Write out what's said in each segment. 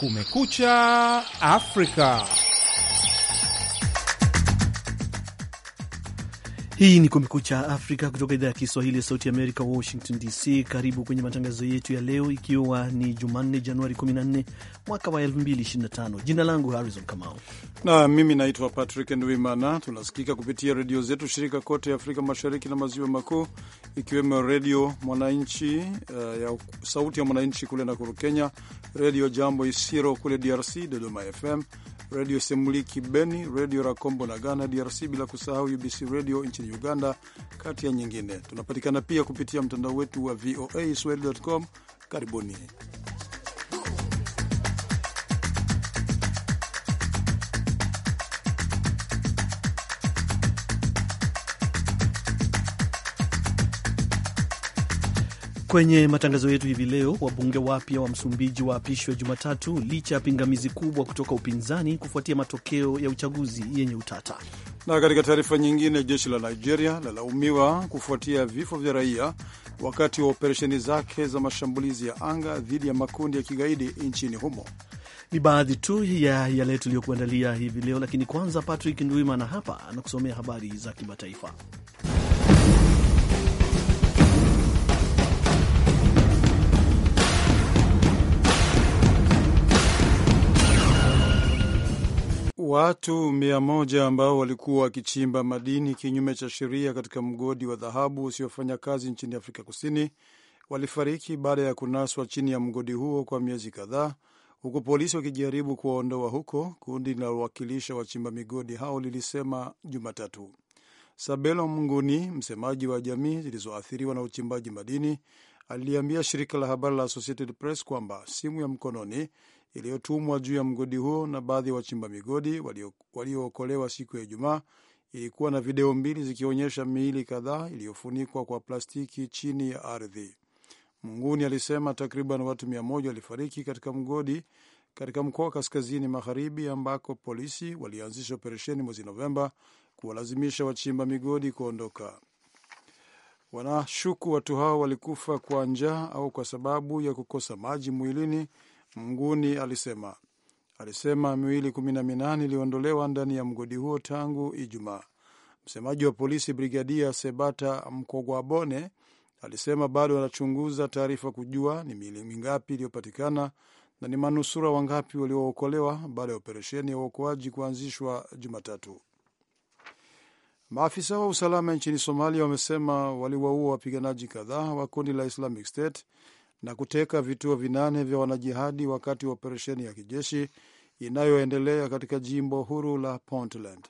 Kumekucha Afrika. Hii ni Kumekucha Afrika kutoka idhaa ya Kiswahili ya Sauti Amerika, Washington DC. Karibu kwenye matangazo yetu ya leo, ikiwa ni Jumanne Januari 14 mwaka wa 2025. Jina langu Harrison Kamau na mimi naitwa Patrick Ndwimana. Tunasikika kupitia redio zetu shirika kote Afrika Mashariki na Maziwa Makuu, ikiwemo Redio Mwananchi uh, ya Sauti ya Mwananchi kule Nakuru Kenya, Redio Jambo Isiro kule DRC, Dodoma FM, redio Semuliki Beni, redio Rakombo na Ghana DRC, bila kusahau UBC redio nchini Uganda, kati ya nyingine. Tunapatikana pia kupitia mtandao wetu wa VOA swahili.com. Karibuni. Kwenye matangazo yetu hivi leo, wabunge wapya wa Msumbiji waapishwa Jumatatu licha ya pingamizi kubwa kutoka upinzani kufuatia matokeo ya uchaguzi yenye utata. Na katika taarifa nyingine, jeshi la Nigeria lalaumiwa kufuatia vifo vya raia wakati wa operesheni zake za mashambulizi ya anga dhidi ya makundi ya kigaidi nchini humo. Ni baadhi tu ya yale tuliyokuandalia hivi leo, lakini kwanza, Patrick Ndwimana hapa anakusomea habari za kimataifa. Watu mia moja ambao walikuwa wakichimba madini kinyume cha sheria katika mgodi wa dhahabu usiofanya kazi nchini Afrika Kusini walifariki baada ya kunaswa chini ya mgodi huo kwa miezi kadhaa, huku polisi wakijaribu kuwaondoa huko, kundi linalowakilisha wachimba migodi hao lilisema Jumatatu. Sabelo Mnguni, msemaji wa jamii zilizoathiriwa na uchimbaji madini, aliliambia shirika la habari la Associated Press kwamba simu ya mkononi iliyotumwa juu ya mgodi huo na baadhi ya wa wachimba migodi waliookolewa walio siku ya Ijumaa ilikuwa na video mbili zikionyesha miili kadhaa iliyofunikwa kwa plastiki chini ya ardhi. Mnguni alisema takriban watu mia moja walifariki katika mgodi katika mkoa wa kaskazini magharibi, ambako polisi walianzisha operesheni mwezi Novemba kuwalazimisha wachimba migodi kuondoka. Wanashuku watu hao walikufa kwa njaa au kwa sababu ya kukosa maji mwilini Mnguni alisema alisema miili kumi na minane iliondolewa ndani ya mgodi huo tangu Ijumaa. Msemaji wa polisi Brigadia Sebata Mkogwabone alisema bado wanachunguza taarifa kujua ni miili mingapi iliyopatikana na ni manusura wangapi waliookolewa baada ya operesheni ya uokoaji kuanzishwa Jumatatu. Maafisa wa usalama nchini Somalia wamesema waliwaua wapiganaji kadhaa wa kundi la Islamic State na kuteka vituo vinane vya wanajihadi wakati wa operesheni ya kijeshi inayoendelea katika jimbo huru la Puntland.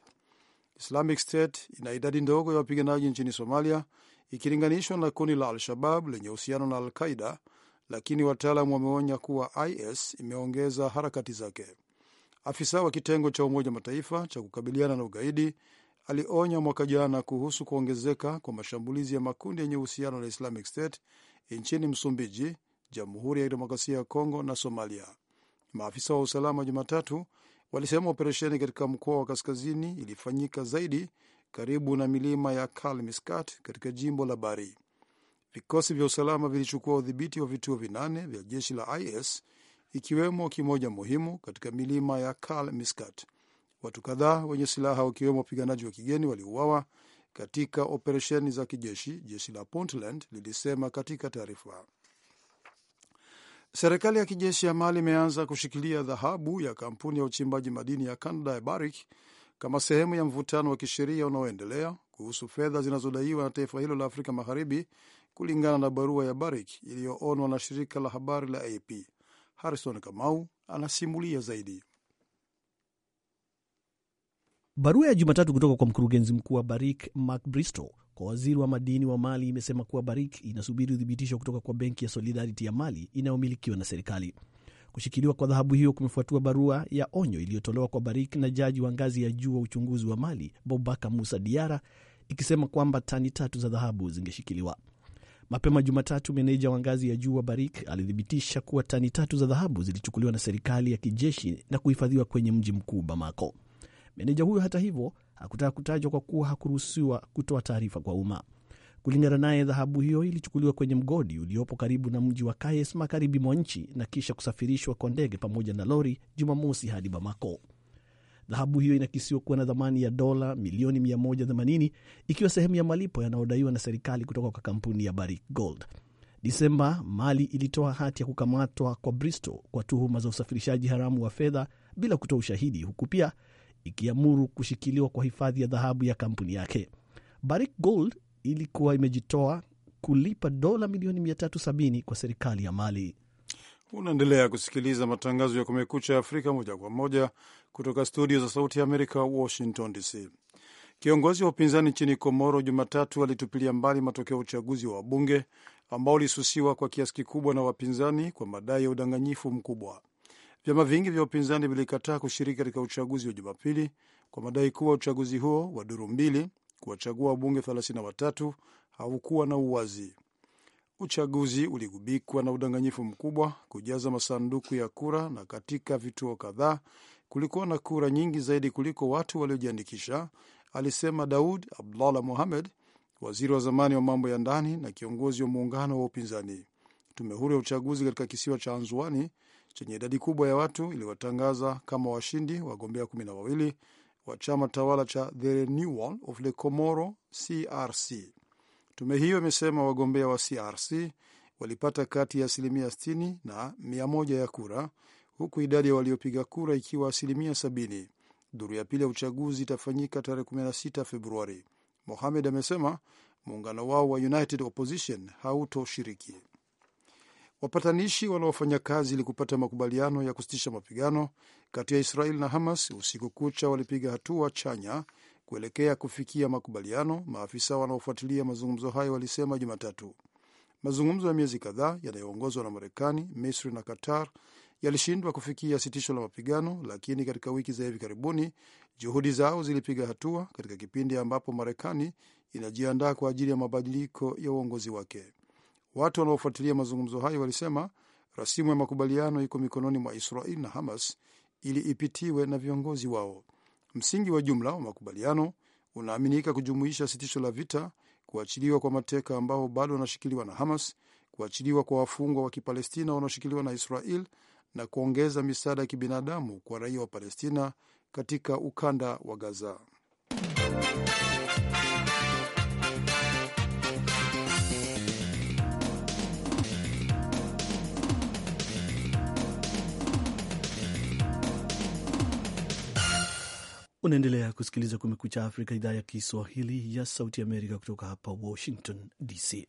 Islamic State ina idadi ndogo ya wapiganaji nchini Somalia ikilinganishwa na kundi la Al-Shabab lenye uhusiano na Al-Qaida, lakini wataalamu wameonya kuwa IS imeongeza harakati zake. Afisa wa kitengo cha Umoja Mataifa cha kukabiliana na ugaidi alionya mwaka jana kuhusu kuongezeka kwa mashambulizi ya makundi yenye uhusiano na Islamic State nchini Msumbiji, Jamhuri ya Kidemokrasia ya Kongo na Somalia. Maafisa wa usalama Jumatatu walisema operesheni katika mkoa wa kaskazini ilifanyika zaidi karibu na milima ya Kalmiskat katika jimbo la Bari. Vikosi vya usalama vilichukua udhibiti wa vituo vinane vya jeshi la IS ikiwemo kimoja muhimu katika milima ya Kalmiskat. Watu kadhaa wenye silaha wakiwemo wapiganaji wa kigeni waliuawa katika operesheni za kijeshi, jeshi la Puntland lilisema katika taarifa. Serikali ya kijeshi ya Mali imeanza kushikilia dhahabu ya kampuni ya uchimbaji madini ya Canada ya Barrick kama sehemu ya mvutano wa kisheria unaoendelea kuhusu fedha zinazodaiwa na taifa hilo la Afrika Magharibi, kulingana na barua ya Barrick iliyoonwa na shirika la habari la AP. Harrison Kamau anasimulia zaidi. Barua ya Jumatatu kutoka kwa mkurugenzi mkuu wa Barik Mark Bristow kwa waziri wa madini wa Mali imesema kuwa Barik inasubiri uthibitisho kutoka kwa benki ya Solidarity ya Mali inayomilikiwa na serikali. Kushikiliwa kwa dhahabu hiyo kumefuatiwa barua ya onyo iliyotolewa kwa Barik na jaji wa ngazi ya juu wa uchunguzi wa Mali bobaka Musa Diara ikisema kwamba tani tatu za dhahabu zingeshikiliwa. Mapema Jumatatu, meneja wa ngazi ya juu wa Barik alithibitisha kuwa tani tatu za dhahabu zilichukuliwa na serikali ya kijeshi na kuhifadhiwa kwenye mji mkuu Bamako. Meneja huyo hata hivyo hakutaka kutajwa kwa kuwa hakuruhusiwa kutoa taarifa kwa umma. Kulingana naye, dhahabu hiyo ilichukuliwa kwenye mgodi uliopo karibu na mji wa Kayes magharibi mwa nchi na kisha kusafirishwa kwa ndege pamoja na lori Jumamosi hadi Bamako. Dhahabu hiyo inakisiwa kuwa na thamani ya dola milioni 180 ikiwa sehemu ya malipo yanayodaiwa na serikali kutoka kwa kampuni ya Barrick Gold. Desemba, Mali ilitoa hati ya kukamatwa kwa Bristow kwa tuhuma za usafirishaji haramu wa fedha bila kutoa ushahidi, huku pia ikiamuru kushikiliwa kwa hifadhi ya dhahabu ya kampuni yake. Barrick Gold ilikuwa imejitoa kulipa dola milioni 370 kwa serikali ya Mali. Unaendelea kusikiliza matangazo ya Kumekucha Afrika moja kwa moja kutoka studio za Sauti ya Amerika, Washington DC. Kiongozi wa upinzani nchini Komoro Jumatatu alitupilia mbali matokeo ya uchaguzi wa wabunge ambao ulisusiwa kwa kiasi kikubwa na wapinzani kwa madai ya udanganyifu mkubwa. Vyama vingi vya upinzani vilikataa kushiriki katika uchaguzi wa Jumapili kwa madai kuwa uchaguzi huo wa duru mbili kuwachagua wabunge 33 haukuwa na uwazi. Uchaguzi uligubikwa na udanganyifu mkubwa, kujaza masanduku ya kura, na katika vituo kadhaa kulikuwa na kura nyingi zaidi kuliko watu waliojiandikisha, alisema Daud Abdallah Mohamed, waziri wa zamani wa mambo ya ndani na kiongozi wa muungano wa upinzani. Tume huru ya uchaguzi katika kisiwa cha Anzuani chenye idadi kubwa ya watu iliwatangaza kama washindi wagombea kumi na wawili wa chama tawala cha The Renewal of the Comoro CRC. Tume hiyo imesema wagombea wa CRC walipata kati ya asilimia 60 na 100 ya kura, huku idadi ya waliopiga kura ikiwa asilimia 70. Duru ya pili ya uchaguzi itafanyika tarehe 16 Februari. Mohamed amesema muungano wao wa United Opposition hautoshiriki. Wapatanishi wanaofanya kazi ili kupata makubaliano ya kusitisha mapigano kati ya Israel na Hamas usiku kucha walipiga hatua chanya kuelekea kufikia makubaliano, maafisa wanaofuatilia mazungumzo hayo walisema Jumatatu. Mazungumzo ya miezi kadhaa yanayoongozwa na Marekani, Misri na Qatar yalishindwa kufikia sitisho la mapigano, lakini katika wiki za hivi karibuni juhudi zao zilipiga hatua katika kipindi ambapo Marekani inajiandaa kwa ajili ya mabadiliko ya uongozi wake. Watu wanaofuatilia mazungumzo hayo walisema rasimu ya makubaliano iko mikononi mwa Israel na Hamas ili ipitiwe na viongozi wao. Msingi wa jumla wa makubaliano unaaminika kujumuisha sitisho la vita, kuachiliwa kwa mateka ambao bado wanashikiliwa na Hamas, kuachiliwa kwa wafungwa wa Kipalestina wanaoshikiliwa na Israel na kuongeza misaada ya kibinadamu kwa raia wa Palestina katika ukanda wa Gaza. Unaendelea kusikiliza Kumekucha Afrika, idhaa ya Kiswahili ya Sauti Amerika kutoka hapa Washington DC.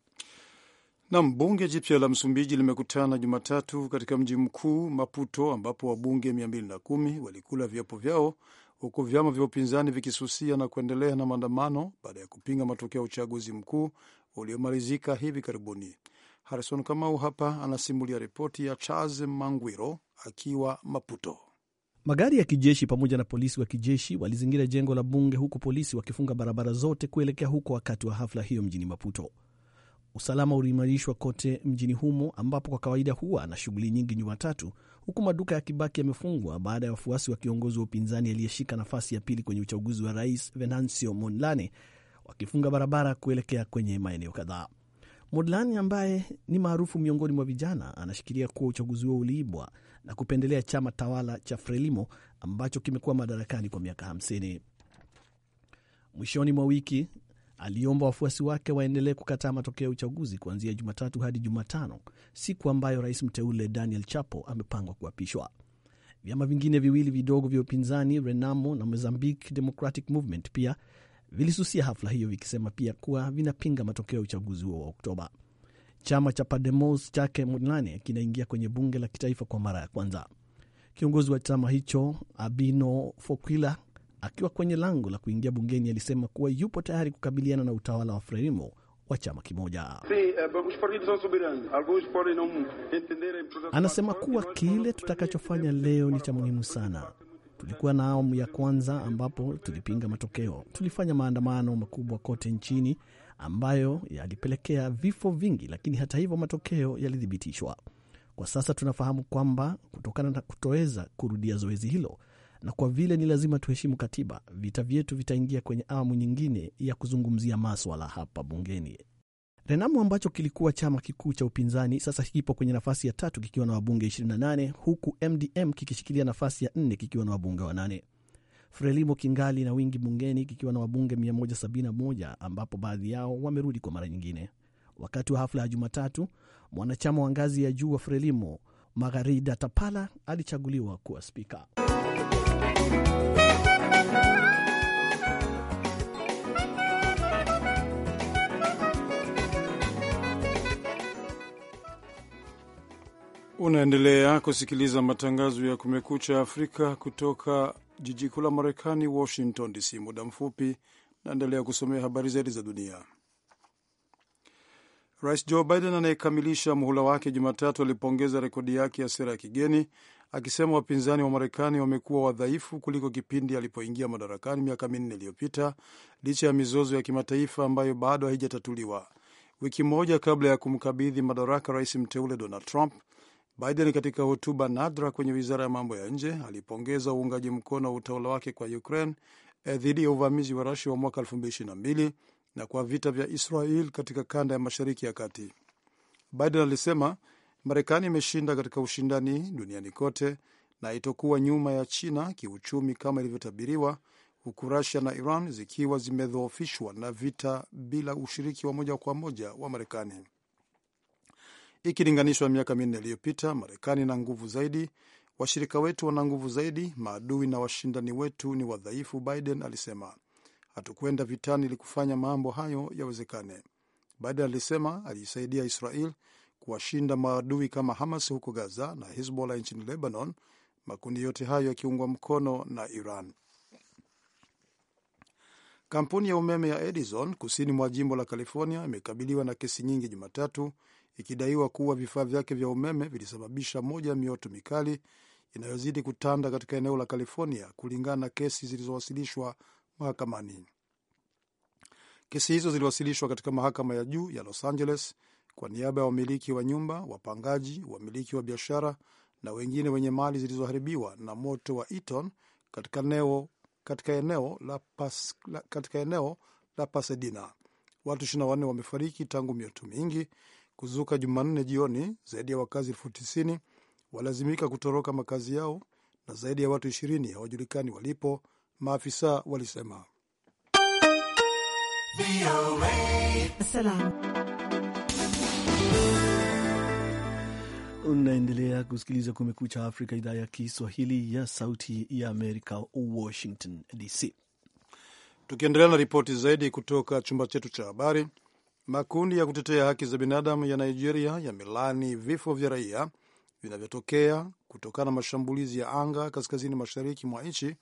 Nam, bunge jipya la Msumbiji limekutana Jumatatu katika mji mkuu Maputo, ambapo wabunge 210 walikula viapo vyao huku vyama vya upinzani vikisusia na kuendelea na maandamano baada ya kupinga matokeo ya uchaguzi mkuu uliomalizika hivi karibuni. Harison Kamau hapa anasimulia ripoti ya Charles Mangwiro akiwa Maputo. Magari ya kijeshi pamoja na polisi wa kijeshi walizingira jengo la bunge huku polisi wakifunga barabara zote kuelekea huko wakati wa hafla hiyo mjini Maputo. Usalama uliimarishwa kote mjini humo ambapo kwa kawaida huwa na shughuli nyingi Jumatatu, huku maduka ya Kibaki yamefungwa baada ya wafuasi wa kiongozi wa upinzani aliyeshika nafasi ya pili kwenye uchaguzi wa rais Venancio Mondlane wakifunga barabara kuelekea kwenye maeneo kadhaa. Modlani ambaye ni maarufu miongoni mwa vijana anashikilia kuwa uchaguzi huo uliibwa na kupendelea chama tawala cha Frelimo ambacho kimekuwa madarakani kwa miaka 50. Mwishoni mwa wiki aliomba wafuasi wake waendelee kukataa matokeo ya uchaguzi kuanzia Jumatatu hadi Jumatano, siku ambayo rais mteule Daniel Chapo amepangwa kuapishwa. Vyama vingine viwili vidogo vya upinzani Renamo na Mozambique Democratic Movement pia vilisusia hafla hiyo vikisema pia kuwa vinapinga matokeo ya uchaguzi huo wa Oktoba. Chama cha pademos chake Mlane kinaingia kwenye bunge la kitaifa kwa mara ya kwanza. Kiongozi wa chama hicho Abino Foquila akiwa kwenye lango la kuingia bungeni alisema kuwa yupo tayari kukabiliana na utawala wa Frelimo wa chama kimoja. Eh, Anasema kuwa kile tutakachofanya leo ni cha muhimu sana. Tulikuwa na awamu ya kwanza ambapo tulipinga matokeo. Tulifanya maandamano makubwa kote nchini ambayo yalipelekea vifo vingi, lakini hata hivyo matokeo yalithibitishwa. Kwa sasa tunafahamu kwamba kutokana na kutoweza kurudia zoezi hilo na kwa vile ni lazima tuheshimu katiba, vita vyetu vitaingia kwenye awamu nyingine ya kuzungumzia maswala hapa bungeni renamu ambacho kilikuwa chama kikuu cha upinzani sasa kipo kwenye nafasi ya tatu kikiwa na wabunge 28 huku MDM kikishikilia nafasi ya nne kikiwa na wabunge wanane. Frelimo kingali na wingi bungeni kikiwa na wabunge 171 ambapo baadhi yao wamerudi kwa mara nyingine. Wakati wa hafla ya Jumatatu, mwanachama wa ngazi ya juu wa Frelimo magharida Tapala alichaguliwa kuwa spika. Unaendelea kusikiliza matangazo ya Kumekucha Afrika kutoka jiji kuu la Marekani, Washington DC. Muda mfupi naendelea kusomea habari zaidi za dunia. Rais Joe Biden anayekamilisha muhula wake Jumatatu alipongeza rekodi yake ya sera ya kigeni akisema wapinzani wa Marekani wamekuwa wadhaifu kuliko kipindi alipoingia madarakani miaka minne iliyopita, licha ya mizozo ya kimataifa ambayo bado haijatatuliwa. Wiki moja kabla ya kumkabidhi madaraka rais mteule Donald Trump, Biden katika hotuba nadra kwenye wizara ya mambo ya nje alipongeza uungaji mkono wa utawala wake kwa Ukraine eh, dhidi ya uvamizi wa Rusia wa mwaka 2022 na kwa vita vya Israel katika kanda ya mashariki ya kati. Biden alisema Marekani imeshinda katika ushindani duniani kote na itokuwa nyuma ya China kiuchumi kama ilivyotabiriwa, huku Rusia na Iran zikiwa zimedhoofishwa na vita bila ushiriki wa moja kwa moja wa Marekani ikilinganishwa miaka minne iliyopita. Marekani ina nguvu zaidi, washirika wetu wana nguvu zaidi, maadui na washindani wetu ni wadhaifu, Biden alisema. Hatukwenda vitani ili kufanya mambo hayo yawezekane, Biden alisema. Aliisaidia Israel kuwashinda maadui kama Hamas huko Gaza na Hezbollah nchini Lebanon, makundi yote hayo yakiungwa mkono na Iran. Kampuni ya umeme ya Edison kusini mwa jimbo la California imekabiliwa na kesi nyingi Jumatatu ikidaiwa kuwa vifaa vyake vya umeme vilisababisha moja ya mioto mikali inayozidi kutanda katika eneo la California, kulingana na kesi zilizowasilishwa mahakamani. Kesi hizo ziliwasilishwa katika mahakama ya juu ya Los Angeles kwa niaba ya wamiliki wa nyumba, wapangaji, wamiliki wa biashara na wengine wenye mali zilizoharibiwa na moto wa Eaton katika eneo, katika eneo la, pas, la, katika eneo la Pasadena. Watu 24 wamefariki tangu mioto mingi kuzuka Jumanne jioni, zaidi ya wakazi elfu tisini walazimika kutoroka makazi yao na zaidi ya watu ishirini hawajulikani walipo, maafisa walisema. Unaendelea kusikiliza Kumekucha Afrika, idhaa ya Kiswahili ya Sauti ya Amerika, Washington DC. Tukiendelea na ripoti zaidi kutoka chumba chetu cha habari. Makundi ya kutetea haki za binadamu ya Nigeria yamelaani vifo vya raia vinavyotokea kutokana na mashambulizi ya anga kaskazini mashariki mwa nchi,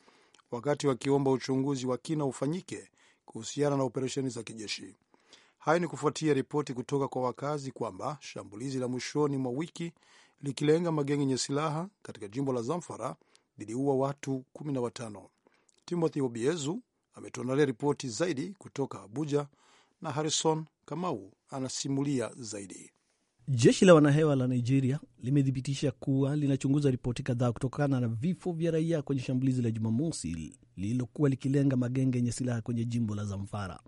wakati wakiomba uchunguzi wa kina ufanyike kuhusiana na operesheni za kijeshi. Hayo ni kufuatia ripoti kutoka kwa wakazi kwamba shambulizi la mwishoni mwa wiki likilenga magenge yenye silaha katika jimbo la Zamfara liliua watu 15. Timothy Obiezu ametuandalia ripoti zaidi kutoka Abuja na Harrison Kamau anasimulia zaidi. Jeshi la wanahewa la Nigeria limethibitisha kuwa linachunguza ripoti kadhaa kutokana na vifo vya raia kwenye shambulizi la Jumamosi lililokuwa likilenga magenge yenye silaha kwenye jimbo la Zamfara.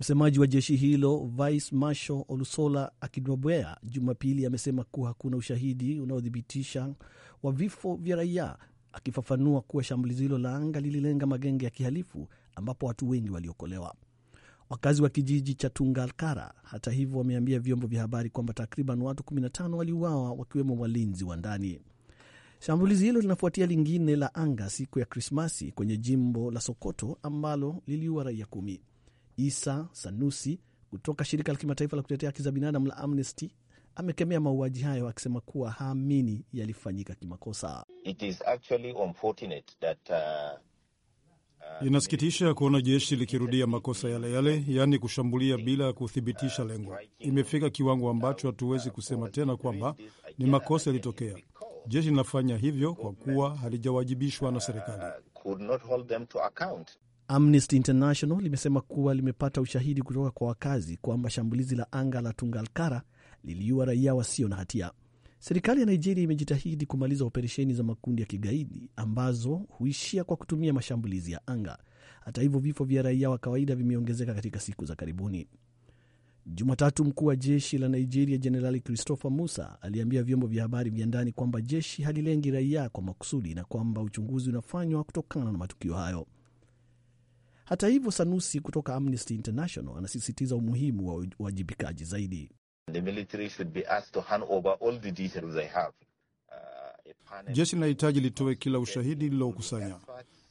Msemaji wa jeshi hilo Vice Marshal Olusola akidwabwea Jumapili amesema kuwa hakuna ushahidi unaothibitisha wa vifo vya raia, akifafanua kuwa shambulizi hilo la anga lililenga magenge ya kihalifu ambapo watu wengi waliokolewa. Wakazi wa kijiji cha Tungalkara hata hivyo, wameambia vyombo vya habari kwamba takriban watu 15 waliuawa wakiwemo walinzi wa ndani. Shambulizi hilo linafuatia lingine la anga siku ya Krismasi kwenye jimbo la Sokoto ambalo liliua raia kumi. Isa Sanusi kutoka shirika la kimataifa la kutetea haki za binadamu la Amnesty amekemea mauaji hayo akisema kuwa haamini yalifanyika kimakosa. It is actually unfortunate that, uh, Inasikitisha kuona jeshi likirudia makosa yale yale, yaani kushambulia bila kuthibitisha lengo. Imefika kiwango ambacho hatuwezi kusema tena kwamba ni makosa yalitokea. Jeshi linafanya hivyo kwa kuwa halijawajibishwa na serikali. Amnesty International limesema kuwa limepata ushahidi kutoka kwa wakazi kwamba shambulizi la anga la Tungalkara liliua raia wasio na hatia. Serikali ya Nigeria imejitahidi kumaliza operesheni za makundi ya kigaidi ambazo huishia kwa kutumia mashambulizi ya anga. Hata hivyo, vifo vya raia wa kawaida vimeongezeka katika siku za karibuni. Jumatatu, mkuu wa jeshi la Nigeria Jenerali Christopher Musa aliambia vyombo vya habari vya ndani kwamba jeshi halilengi raia kwa makusudi na kwamba uchunguzi unafanywa kutokana na matukio hayo. Hata hivyo, Sanusi kutoka Amnesty International anasisitiza umuhimu wa uwajibikaji zaidi. The military should be asked to hand over all the details they have. Uh, jeshi linahitaji litoe kila ushahidi lililokusanya.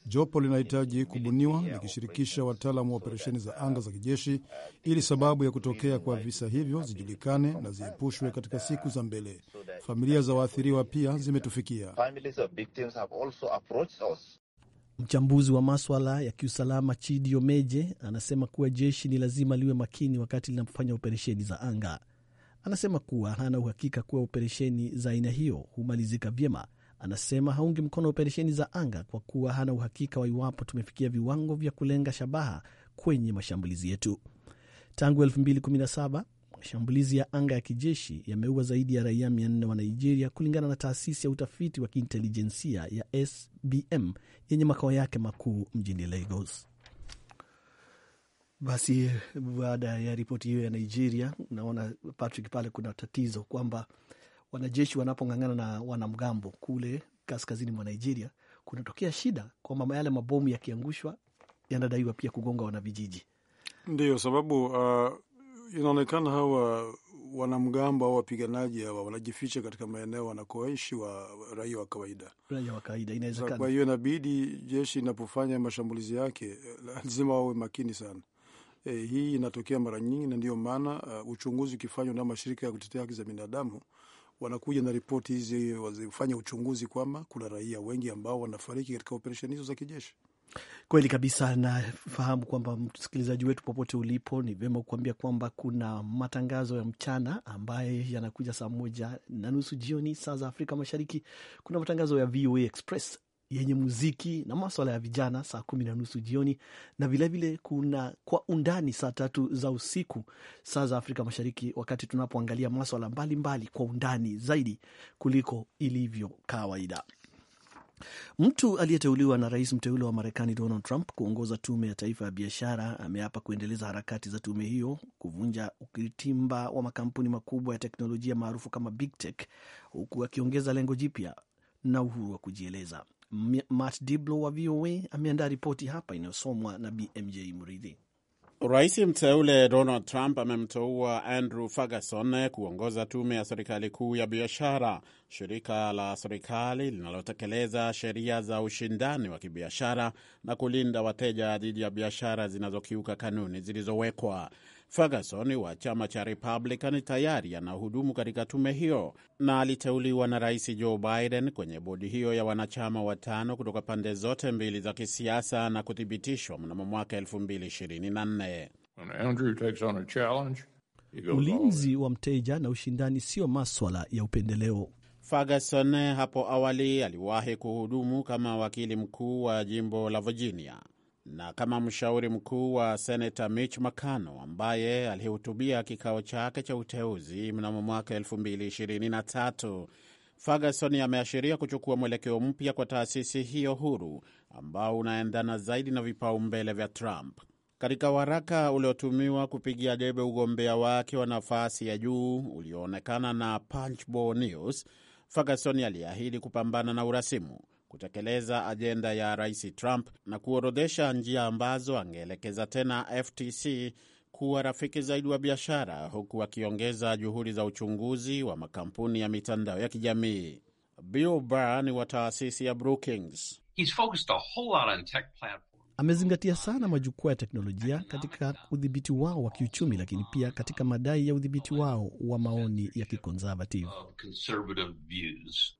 Jopo linahitaji kubuniwa likishirikisha wataalamu wa operesheni za uh, anga za kijeshi, ili sababu ya kutokea kwa visa hivyo zijulikane na ziepushwe uh, katika siku za mbele. Familia za waathiriwa pia zimetufikia. Mchambuzi wa maswala ya kiusalama Chidi Omeje anasema kuwa jeshi ni lazima liwe makini wakati linapofanya operesheni za anga. Anasema kuwa hana uhakika kuwa operesheni za aina hiyo humalizika vyema. Anasema haungi mkono operesheni za anga kwa kuwa hana uhakika wa iwapo tumefikia viwango vya kulenga shabaha kwenye mashambulizi yetu. Tangu 2017 mashambulizi ya anga ya kijeshi yameua zaidi ya raia 400 wa Nigeria, kulingana na taasisi ya utafiti wa kiintelijensia ya SBM yenye makao yake makuu mjini Lagos. Basi eh, baada ya ripoti hiyo ya Nigeria, naona Patrick, pale kuna tatizo kwamba wanajeshi wanapong'ang'ana na wanamgambo kule kaskazini mwa Nigeria kunatokea shida kwamba yale mabomu yakiangushwa yanadaiwa pia kugonga wanavijiji. Ndiyo sababu uh, inaonekana hawa wanamgambo au wapiganaji hawa wanajificha katika maeneo wanakoishi wa raia wa kawaida, raia wa kawaida. Inawezekana. Kwa hiyo inabidi jeshi inapofanya mashambulizi yake lazima wawe makini sana eh, hii inatokea mara nyingi, na ndio maana uh, uchunguzi ukifanywa na mashirika ya kutetea haki za binadamu wanakuja na ripoti hizi, wazifanya uchunguzi kwamba kuna raia wengi ambao wanafariki katika operesheni hizo za kijeshi. Kweli kabisa. Nafahamu kwamba msikilizaji wetu popote ulipo, ni vyema kukuambia kwamba kuna matangazo ya mchana ambaye yanakuja saa moja na nusu jioni saa za Afrika Mashariki. Kuna matangazo ya VOA Express yenye muziki na maswala ya vijana saa kumi na nusu jioni, na vilevile kuna kwa undani saa tatu za usiku saa za Afrika Mashariki, wakati tunapoangalia maswala mbalimbali kwa undani zaidi kuliko ilivyo kawaida. Mtu aliyeteuliwa na rais mteule wa Marekani Donald Trump kuongoza tume ya taifa ya biashara ameapa kuendeleza harakati za tume hiyo kuvunja ukiritimba wa makampuni makubwa ya teknolojia maarufu kama big tech, huku akiongeza lengo jipya na uhuru wa kujieleza. Matt Diblo wa VOA ameandaa ripoti hapa inayosomwa na BMJ Mridhi. Rais mteule Donald Trump amemteua Andrew Ferguson kuongoza tume ya serikali kuu ya biashara, shirika la serikali linalotekeleza sheria za ushindani wa kibiashara na kulinda wateja dhidi ya biashara zinazokiuka kanuni zilizowekwa. Ferguson wa chama cha Republican tayari anahudumu katika tume hiyo na aliteuliwa na Rais Joe Biden kwenye bodi hiyo ya wanachama watano kutoka pande zote mbili za kisiasa na kuthibitishwa mnamo mwaka 2024. Ulinzi wa mteja na ushindani sio maswala ya upendeleo. Ferguson hapo awali aliwahi kuhudumu kama wakili mkuu wa jimbo la Virginia na kama mshauri mkuu wa senata Mitch McConnell ambaye alihutubia kikao chake cha uteuzi mnamo mwaka 2023. Ferguson ameashiria kuchukua mwelekeo mpya kwa taasisi hiyo huru ambao unaendana zaidi na vipaumbele vya Trump. Katika waraka uliotumiwa kupigia debe ugombea wake wa nafasi ya juu ulioonekana na Punchbowl News, Ferguson aliahidi kupambana na urasimu kutekeleza ajenda ya Rais Trump na kuorodhesha njia ambazo angeelekeza tena FTC kuwa rafiki zaidi wa biashara, huku akiongeza juhudi za uchunguzi wa makampuni ya mitandao ya kijamii. Bill Barr ni wa taasisi ya Brookings. He's focused a whole lot on tech platforms amezingatia sana majukwaa ya teknolojia katika udhibiti wao wa kiuchumi, lakini pia katika madai ya udhibiti wao wa maoni ya kikonservative.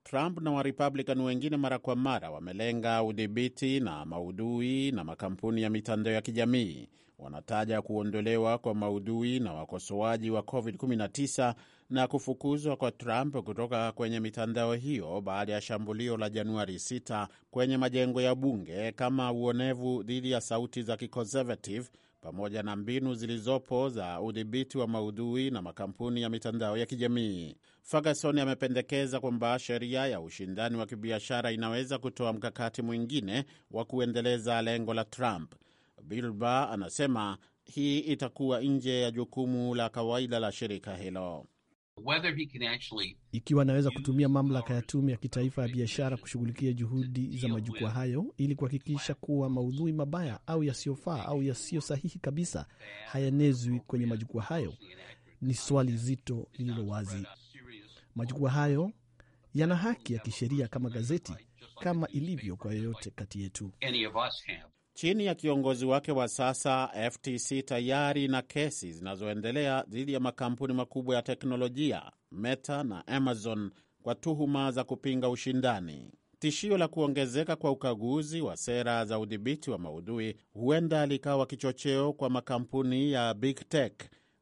Trump na Warepublican wengine mara kwa mara wamelenga udhibiti na maudhui na makampuni ya mitandao ya kijamii wanataja kuondolewa kwa maudhui na wakosoaji wa COVID-19 na kufukuzwa kwa Trump kutoka kwenye mitandao hiyo baada ya shambulio la Januari 6 kwenye majengo ya bunge kama uonevu dhidi ya sauti za kiconservative pamoja na mbinu zilizopo za udhibiti wa maudhui na makampuni ya mitandao ya kijamii. Ferguson amependekeza kwamba sheria ya ushindani wa kibiashara inaweza kutoa mkakati mwingine wa kuendeleza lengo la Trump. Bilba anasema hii itakuwa nje ya jukumu la kawaida la shirika hilo. ikiwa anaweza kutumia mamlaka ya tume ya kitaifa ya biashara kushughulikia juhudi za majukwaa hayo ili kuhakikisha kuwa maudhui mabaya au yasiyofaa au yasiyo sahihi kabisa hayaenezwi kwenye majukwaa hayo, ni swali zito lililo wazi. Majukwaa hayo yana haki ya kisheria kama gazeti, kama ilivyo kwa yoyote kati yetu chini ya kiongozi wake wa sasa, FTC tayari na kesi zinazoendelea dhidi ya makampuni makubwa ya teknolojia Meta na Amazon kwa tuhuma za kupinga ushindani. Tishio la kuongezeka kwa ukaguzi wa sera za udhibiti wa maudhui huenda likawa kichocheo kwa makampuni ya big tech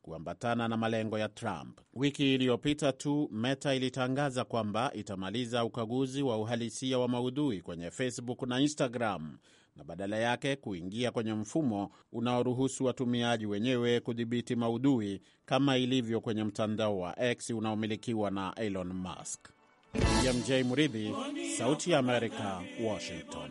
kuambatana na malengo ya Trump. Wiki iliyopita tu Meta ilitangaza kwamba itamaliza ukaguzi wa uhalisia wa maudhui kwenye Facebook na Instagram, na badala yake kuingia kwenye mfumo unaoruhusu watumiaji wenyewe kudhibiti maudhui kama ilivyo kwenye mtandao wa X unaomilikiwa na Elon Musk. MJ Muridhi, Sauti ya Amerika, Washington.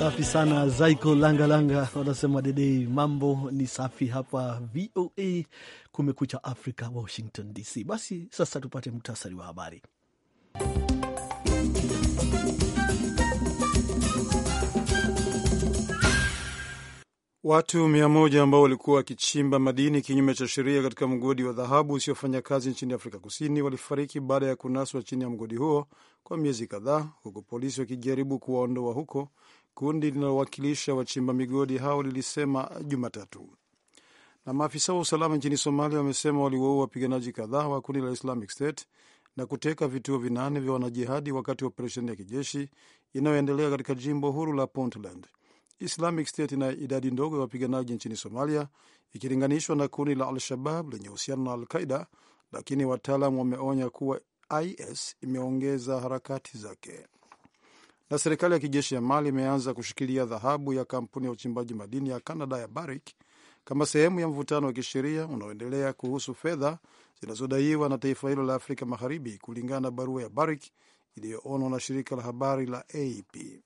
Safi sana Zaiko Langalanga wanasema dedei, mambo ni safi hapa VOA Kumekucha Afrika, Washington DC. Basi sasa tupate mktasari wa habari. Watu mia moja ambao walikuwa wakichimba madini kinyume cha sheria katika mgodi wa dhahabu usiofanya kazi nchini Afrika Kusini walifariki baada ya kunaswa chini ya mgodi huo kwa miezi kadhaa, huku polisi wakijaribu kuwaondoa huko kundi linalowakilisha wachimba migodi hao lilisema Jumatatu. Na maafisa wa usalama nchini Somalia wamesema waliwaua wapiganaji kadhaa wa kundi la Islamic State na kuteka vituo vinane vya wanajihadi wakati wa operesheni ya kijeshi inayoendelea katika jimbo huru la Puntland. Islamic State ina idadi ndogo ya wapiganaji nchini Somalia ikilinganishwa na kundi la Al-Shabab lenye uhusiano na Al-Qaida, lakini wataalamu wameonya kuwa IS imeongeza harakati zake na serikali ya kijeshi ya Mali imeanza kushikilia dhahabu ya kampuni ya uchimbaji madini ya Canada ya Barrick kama sehemu ya mvutano wa kisheria unaoendelea kuhusu fedha zinazodaiwa na taifa hilo la Afrika Magharibi, kulingana na barua ya Barrick iliyoonwa na shirika la habari la AP. E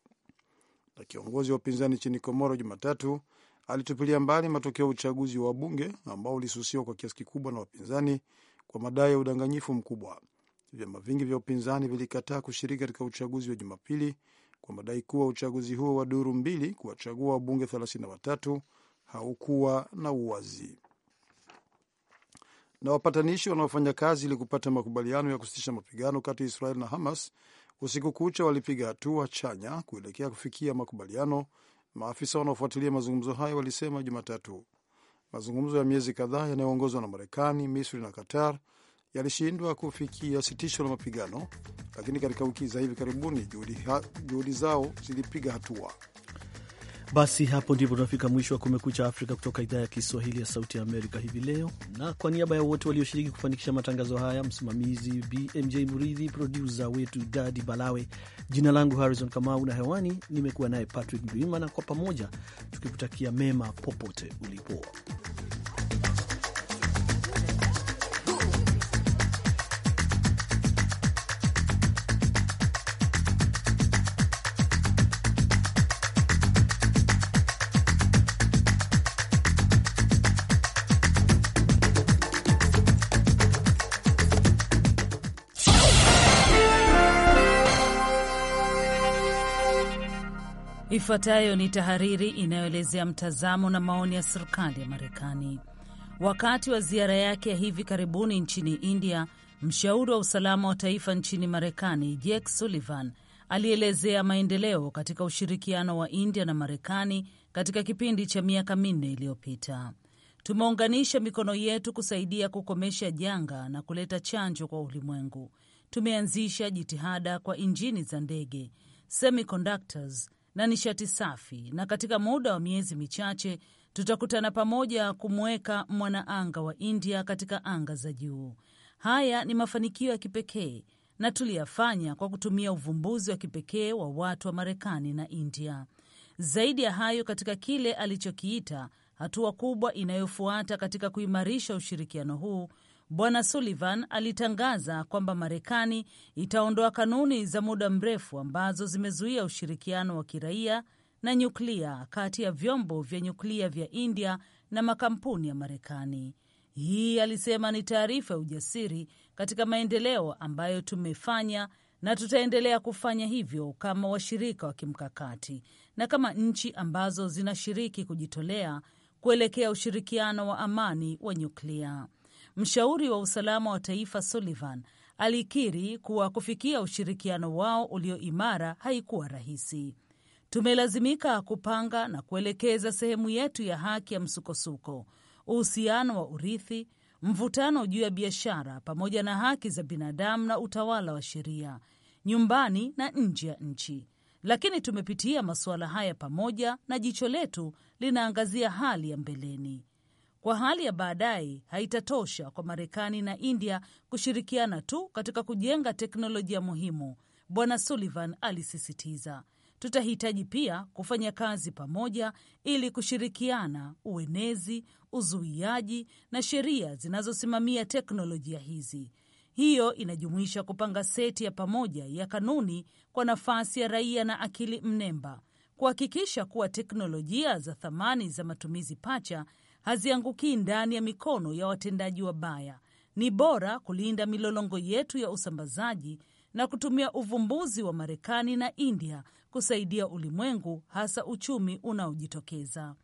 na kiongozi wa upinzani nchini Komoro Jumatatu alitupilia mbali matokeo ya uchaguzi wa bunge ambao ulisusiwa kwa kiasi kikubwa na wapinzani kwa madai ya udanganyifu mkubwa. Vyama vingi vya upinzani vilikataa kushiriki katika uchaguzi wa Jumapili kwa madai kuwa uchaguzi huo wa duru mbili kuwachagua wabunge 33 haukuwa na uwazi. Na wapatanishi wanaofanya kazi ili kupata makubaliano ya kusitisha mapigano kati ya Israel na Hamas usiku kucha walipiga hatua chanya kuelekea kufikia makubaliano, maafisa wanaofuatilia mazungumzo hayo walisema Jumatatu. Mazungumzo ya miezi kadhaa yanayoongozwa na Marekani, Misri na Qatar yalishindwa kufikia sitisho la mapigano, lakini katika wiki za hivi karibuni juhudi, ha, juhudi zao zilipiga hatua. Basi hapo ndipo tunafika mwisho wa Kumekucha Afrika kutoka idhaa ya Kiswahili ya Sauti ya Amerika hivi leo, na kwa niaba ya wote walioshiriki kufanikisha matangazo haya, msimamizi BMJ Muridhi, produsa wetu Dadi Balawe, jina langu Harrison Kamau na hewani nimekuwa naye Patrick Ndwimana, kwa pamoja tukikutakia mema popote ulipo. Ifuatayo ni tahariri inayoelezea mtazamo na maoni ya serikali ya Marekani. Wakati wa ziara yake ya hivi karibuni nchini India, mshauri wa usalama wa taifa nchini Marekani Jake Sullivan alielezea maendeleo katika ushirikiano wa India na Marekani katika kipindi cha miaka minne iliyopita. Tumeunganisha mikono yetu kusaidia kukomesha janga na kuleta chanjo kwa ulimwengu. Tumeanzisha jitihada kwa injini za ndege, semiconductors na nishati safi, na katika muda wa miezi michache tutakutana pamoja kumweka mwanaanga wa India katika anga za juu. Haya ni mafanikio ya kipekee na tuliyafanya kwa kutumia uvumbuzi wa kipekee wa watu wa Marekani na India. Zaidi ya hayo, katika kile alichokiita hatua kubwa inayofuata katika kuimarisha ushirikiano huu Bwana Sullivan alitangaza kwamba Marekani itaondoa kanuni za muda mrefu ambazo zimezuia ushirikiano wa kiraia na nyuklia kati ya vyombo vya nyuklia vya India na makampuni ya Marekani. Hii alisema ni taarifa ya ujasiri katika maendeleo ambayo tumefanya na tutaendelea kufanya hivyo kama washirika wa kimkakati na kama nchi ambazo zinashiriki kujitolea kuelekea ushirikiano wa amani wa nyuklia. Mshauri wa usalama wa taifa Sullivan alikiri kuwa kufikia ushirikiano wao ulio imara haikuwa rahisi. Tumelazimika kupanga na kuelekeza sehemu yetu ya haki ya msukosuko, uhusiano wa urithi, mvutano juu ya biashara, pamoja na haki za binadamu na utawala wa sheria nyumbani na nje ya nchi. Lakini tumepitia masuala haya pamoja, na jicho letu linaangazia hali ya mbeleni kwa hali ya baadaye haitatosha kwa Marekani na India kushirikiana tu katika kujenga teknolojia muhimu, Bwana Sullivan alisisitiza. Tutahitaji pia kufanya kazi pamoja ili kushirikiana uenezi, uzuiaji na sheria zinazosimamia teknolojia hizi. Hiyo inajumuisha kupanga seti ya pamoja ya kanuni kwa nafasi ya raia na akili mnemba, kuhakikisha kuwa teknolojia za thamani za matumizi pacha haziangukii ndani ya mikono ya watendaji wabaya. Ni bora kulinda milolongo yetu ya usambazaji na kutumia uvumbuzi wa Marekani na India kusaidia ulimwengu, hasa uchumi unaojitokeza.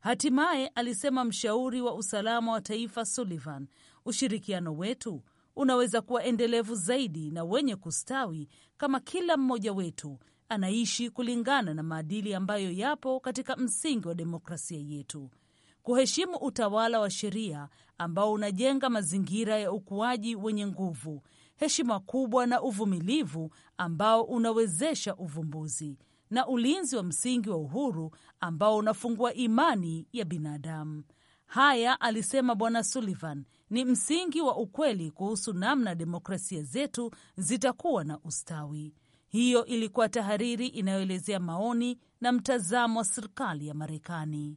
Hatimaye alisema mshauri wa usalama wa taifa Sullivan, ushirikiano wetu unaweza kuwa endelevu zaidi na wenye kustawi kama kila mmoja wetu anaishi kulingana na maadili ambayo yapo katika msingi wa demokrasia yetu kuheshimu utawala wa sheria ambao unajenga mazingira ya ukuaji wenye nguvu, heshima kubwa na uvumilivu ambao unawezesha uvumbuzi, na ulinzi wa msingi wa uhuru ambao unafungua imani ya binadamu. Haya, alisema Bwana Sullivan, ni msingi wa ukweli kuhusu namna demokrasia zetu zitakuwa na ustawi. Hiyo ilikuwa tahariri inayoelezea maoni na mtazamo wa serikali ya Marekani.